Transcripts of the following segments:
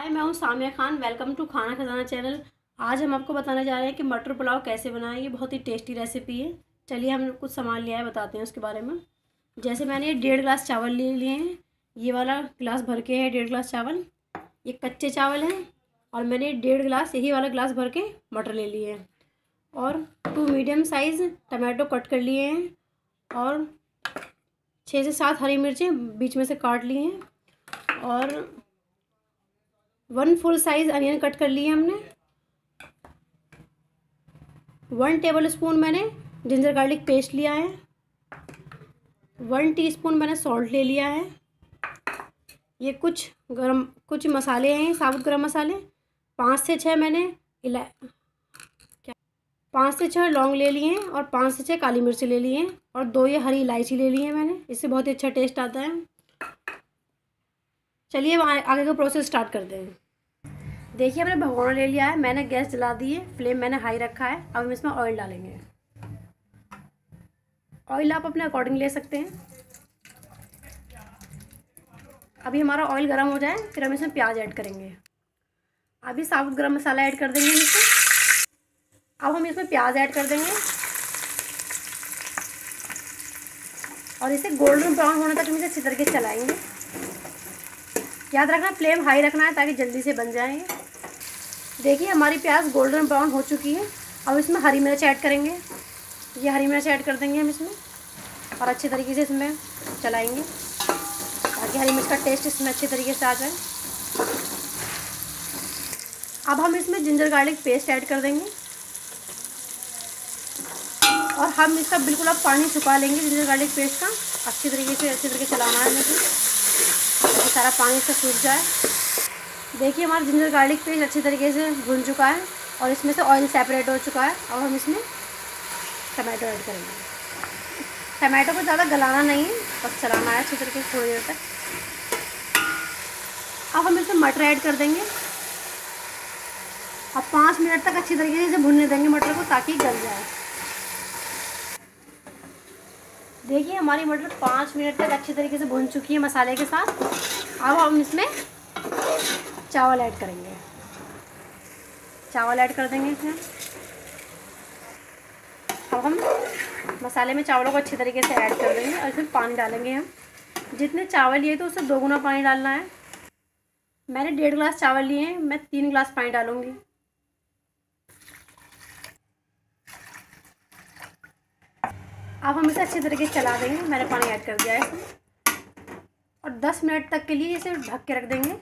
हाय मैं हूँ Samiya Khan welcome to Khana Khazana channel आज हम आपको बताने जा रहे हैं कि मटर पुलाव कैसे बनाएं ये बहुत ही टेस्टी रेसिपी है चलिए हम कुछ सामान लिया है बताते हैं उसके बारे में जैसे मैंने ये डेढ़ गिलास चावल ले लिए हैं ये वाला गिलास भर के है डेढ़ गिलास चावल ये कच्चे चावल हैं और मैंने डेढ़ गिलास यही वाला गिलास भर के मटर ले लिए हैं और two medium size tomato cut कर लिए हैं और छः से सात हरी मिर्चें बीच में से काट लिए हैं और one full size onion cut कर लिए हमने वन टेबल स्पून मैंने जिंजर गार्लिक पेस्ट लिया है वन टीस्पून मैंने सॉल्ट ले लिया है ये कुछ गरम कुछ मसाले हैं साबुत गरम मसाले पाँच से छः मैंने इला क्या पाँच से छः लौंग ले लिए हैं और पाँच से छः काली मिर्ची ले लिए हैं और दो ये हरी इलायची ले ली है मैंने इससे बहुत ही अच्छा टेस्ट आता है चलिए अब आगे का प्रोसेस स्टार्ट करते हैं देखिए हमने भगोना ले लिया है मैंने गैस जला दी है फ्लेम मैंने हाई रखा है अब हम इसमें ऑयल डालेंगे ऑयल आप अपने अकॉर्डिंग ले सकते हैं अभी हमारा ऑयल गर्म हो जाए फिर हम इसमें प्याज ऐड करेंगे अभी साबुत गर्म मसाला ऐड कर देंगे इसमें अब हम इसमें प्याज ऐड कर देंगे और इसे गोल्डन ब्राउन होने तक हम इसे छितर के चलाएंगे याद रखना फ्लेम हाई रखना है ताकि जल्दी से बन जाए देखिए हमारी प्याज गोल्डन ब्राउन हो चुकी है अब इसमें हरी मिर्च ऐड करेंगे ये हरी मिर्च ऐड कर देंगे हम इसमें और अच्छे तरीके से इसमें चलाएंगे ताकि हरी मिर्च का टेस्ट इसमें अच्छे तरीके से आ जाए अब हम इसमें जिंजर गार्लिक पेस्ट ऐड कर देंगे और हम इसका बिल्कुल अब पानी छुपा लेंगे जिंजर गार्लिक पेस्ट का अच्छे तरीके से अच्छे तरीके चलाना है हमें तो सारा पानी से सूख जाए देखिए हमारा जिंजर गार्लिक पेस्ट अच्छी तरीके से भुन चुका है और इसमें से ऑयल सेपरेट हो चुका है अब हम इसमें टमाटो ऐड करेंगे टमाटो को ज़्यादा गलाना नहीं है बस चलाना है अच्छी तरीके से थोड़ी देर तक अब हम इसमें मटर ऐड कर देंगे अब पाँच मिनट तक अच्छी तरीके से इसे भुनने देंगे मटर को ताकि गल जाए देखिए हमारी मटर पाँच मिनट तक अच्छे तरीके से भुन चुकी है मसाले के साथ अब हम इसमें चावल ऐड करेंगे चावल ऐड कर देंगे इसमें अब हम मसाले में चावलों को अच्छे तरीके से ऐड कर देंगे और इसमें पानी डालेंगे हम जितने चावल लिए तो उससे दोगुना पानी डालना है मैंने डेढ़ गिलास चावल लिए हैं मैं तीन गिलास पानी डालूँगी अब हम इसे अच्छी तरीके से चला देंगे मैंने पानी ऐड कर दिया है इसमें और 10 मिनट तक के लिए इसे ढक के रख देंगे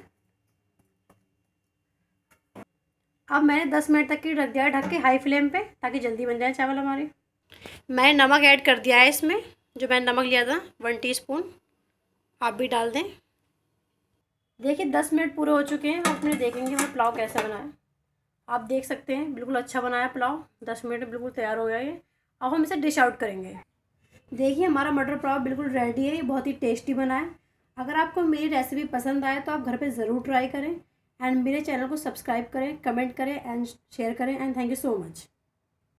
अब मैंने 10 मिनट तक के रख दिया है ढक के हाई फ्लेम पे ताकि जल्दी बन जाए चावल हमारे मैंने नमक ऐड कर दिया है इसमें जो मैंने नमक लिया था वन टी आप भी डाल दें देखिए दस मिनट पूरे हो चुके हैं अपने देखेंगे मैं पुलाव कैसे बनाया आप देख सकते हैं बिल्कुल अच्छा बनाया पुलाव दस मिनट में बिल्कुल तैयार हो गया ये अब हम इसे डिश आउट करेंगे देखिए हमारा मटर पुलाव बिल्कुल रेडी है ये बहुत ही टेस्टी बना है अगर आपको मेरी रेसिपी पसंद आए तो आप घर पे ज़रूर ट्राई करें एंड मेरे चैनल को सब्सक्राइब करें कमेंट करें एंड शेयर करें and thank you so much